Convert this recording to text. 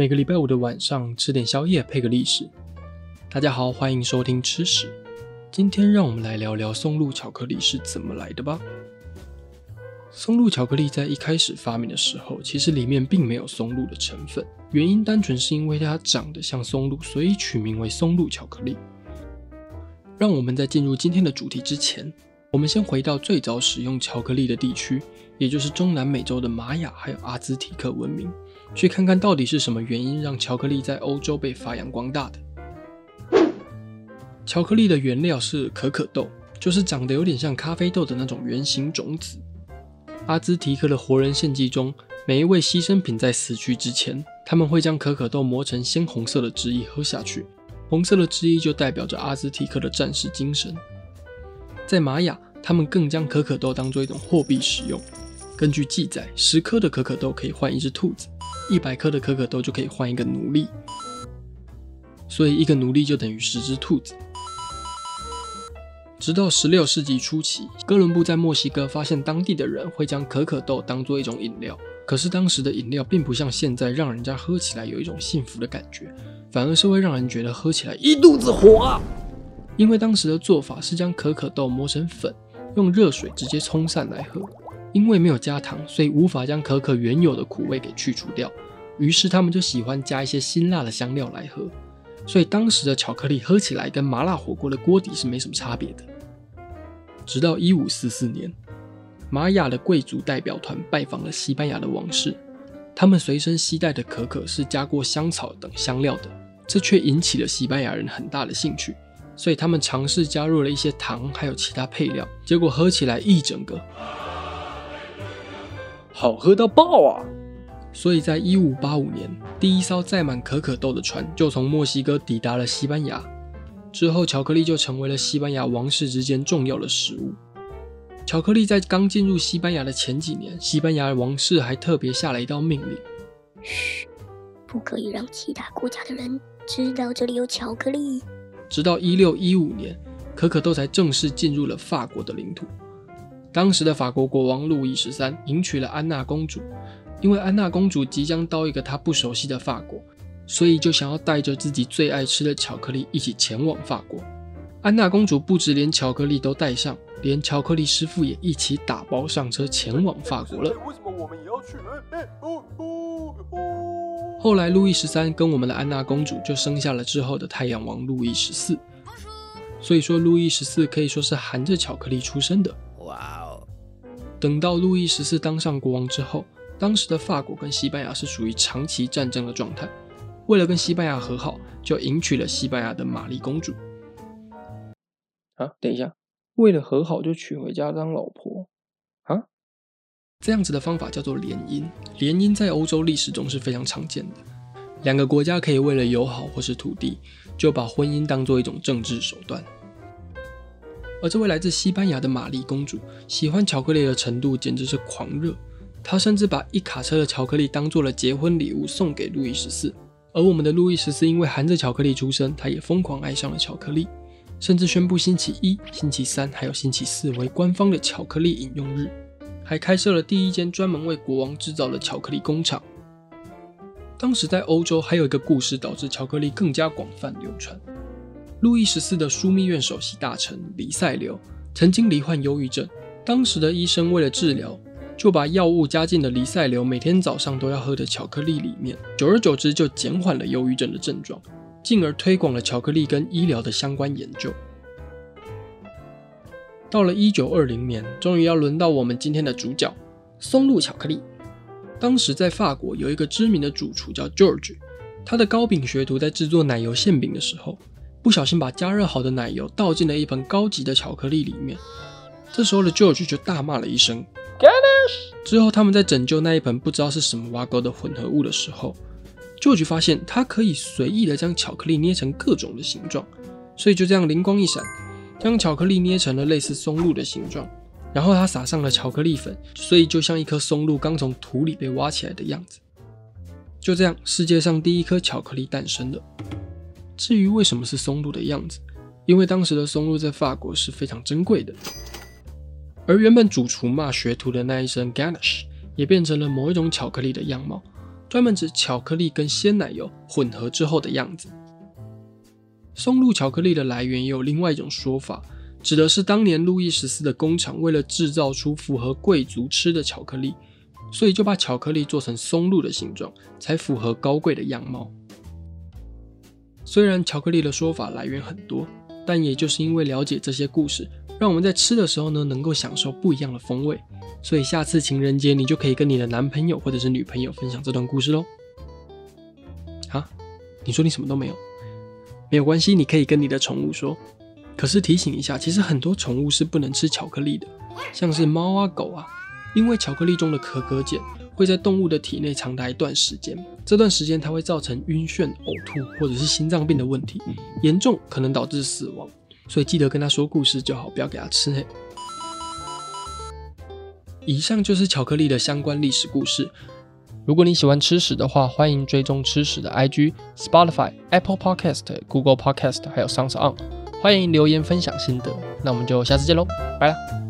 每個禮拜五的晚上吃點宵夜配個歷史。大家好，歡迎收聽吃史。今天讓我們來聊聊松露巧克力是怎麼來的吧。松露巧克力在一開始發明的時候，其實裡面並沒有松露的成分，原因單純是因為它長得像松露，所以取名為松露巧克力。讓我們在進入今天的主題之前，我們先回到最早使用巧克力的地區，也就是中南美洲的瑪雅還有阿茲提克文明。去看看到底是什麼原因讓巧克力在歐洲被發揚光大的。巧克力的原料是可可豆，就是長得有點像咖啡豆的那種圓形種子。阿茲提克的活人獻祭中，每一位犧牲品在死去之前，他們會將可可豆磨成鮮紅色的汁液喝下去。紅色的汁液就代表着阿茲提克的戰士精神。在瑪雅，他們更將可可豆當做一種貨幣使用。根據記載，十顆的可可豆可以換一隻兔子。一百顆的可可豆就可以換一個奴隸，所以一個奴隸就等於十隻兔子。直到十六世紀初期，哥倫布在墨西哥發現當地的人會將可可豆當做一種飲料，可是當時的飲料並不像現在讓人家喝起來有一種幸福的感覺，反而是會讓人覺得喝起來一肚子火。因為當時的做法是將可可豆磨成粉，用熱水直接沖散來喝。因為沒有加糖，所以無法將可可原有的苦味給去除掉。於是他們就喜歡加一些辛辣的香料來喝，所以當時的巧克力喝起來跟麻辣火鍋的鍋底是沒什麼差別的。直到一五四四年，瑪雅的貴族代表團拜訪了西班牙的王室，他們隨身攜帶的可可是加過香草等香料的，這卻引起了西班牙人很大的興趣。所以他們嘗試加入了一些糖還有其他配料，結果喝起來一整個。好喝到爆啊！所以在一五八五年，第一艘載滿可可豆的船就從墨西哥抵達了西班牙。之後，巧克力就成為了西班牙王室之間重要的食物。巧克力在剛進入西班牙的前幾年，西班牙王室還特別下了一道命令：噓，不可以讓其他國家的人知道這裡有巧克力。直到一六一五年，可可豆才正式進入了法國的領土。當時的法國國王路易十三迎娶了安娜公主，因為安娜公主即將到一個她不熟悉的法國，所以就想要帶着自己最愛吃的巧克力一起前往法國。安娜公主不止連巧克力都帶上，連巧克力師傅也一起打包上車前往法國了。後來路易十三跟我們的安娜公主就生下了之後的太陽王路易十四。所以說路易十四可以說是含着巧克力出生的。哇。等到路易十四當上國王之後，當時的法國跟西班牙是屬於長期戰爭的狀態。為了跟西班牙和好，就迎娶了西班牙的瑪麗公主。啊，等一下，為了和好就娶回家當老婆？啊，這樣子的方法叫做聯姻。聯姻在歐洲歷史中是非常常見的，兩個國家可以為了友好或是土地，就把婚姻當做一種政治手段。而這位來自西班牙的瑪麗公主，喜歡巧克力的程度簡直是狂熱。她甚至把一卡車的巧克力當做了結婚禮物送給路易十四。而我們的路易十四因為含着巧克力出生，他也瘋狂愛上了巧克力，甚至宣布星期一、星期三還有星期四為官方的巧克力飲用日，還開設了第一間專門為國王制造的巧克力工廠。當時在歐洲還有一個故事，導致巧克力更加廣泛流傳。路易十四的樞密院首席大臣黎塞留曾經罹患憂鬱症，當時的醫生為了治療，就把藥物加進了黎塞留每天早上都要喝的巧克力裡面，久而久之就減緩了憂鬱症的症狀，進而推廣了巧克力跟醫療的相關研究。到了一九二零年，終於要輪到我們今天的主角——松露巧克力。當時在法國有一個知名的主廚叫 George，他的糕餅學徒在製作奶油餡餅的時候。不小心把加熱好的奶油倒進了一盆高級的巧克力裡面，這時候的 Jojo 就大罵了一聲。之後他們在拯救那一盆不知道是什麼碗糕的混合物的時候 Jojo 發現他可以隨意的將巧克力捏成各種的形狀，所以就這樣靈光一閃，將巧克力捏成了類似松露的形狀，然後他撒上了巧克力粉，所以就像一顆松露剛從土裡被挖起來的樣子。就這樣，世界上第一顆巧克力誕生了。至於為什麼是松露的樣子，因為當時的松露在法國是非常珍貴的。而原本主廚罵學徒的那一聲 ganache 也變成了某一種巧克力的樣貌，專門指巧克力跟鮮奶油混合之後的樣子。松露巧克力的來源也有另外一種說法，指的是當年路易十四的工廠為了製造出符合貴族吃的巧克力，所以就把巧克力做成松露的形狀，才符合高貴的樣貌。雖然巧克力的說法來源很多，但也就是因為了解這些故事，讓我們在吃的時候呢，能夠享受不一樣的風味。所以下次情人節你就可以跟你的男朋友或者是女朋友分享這段故事嘍。啊，你說你什麼都沒有，沒有關係，你可以跟你的寵物說。可是提醒一下，其實很多寵物是不能吃巧克力的，像是貓啊、狗啊，因為巧克力中的可可鹼。會在動物的體內長達一段時間，這段時間它會造成暈眩、嘔吐或者是心臟病的問題，嚴重可能導致死亡。所以記得跟他說故事就好，不要給它吃嘿。以上就是巧克力的相關歷史故事。如果你喜歡吃史的話，歡迎追蹤吃史的 IG、Spotify、Apple Podcast、Google Podcast 還有 SoundOn。歡迎留言分享心得，那我們就下次見嘍，拜了。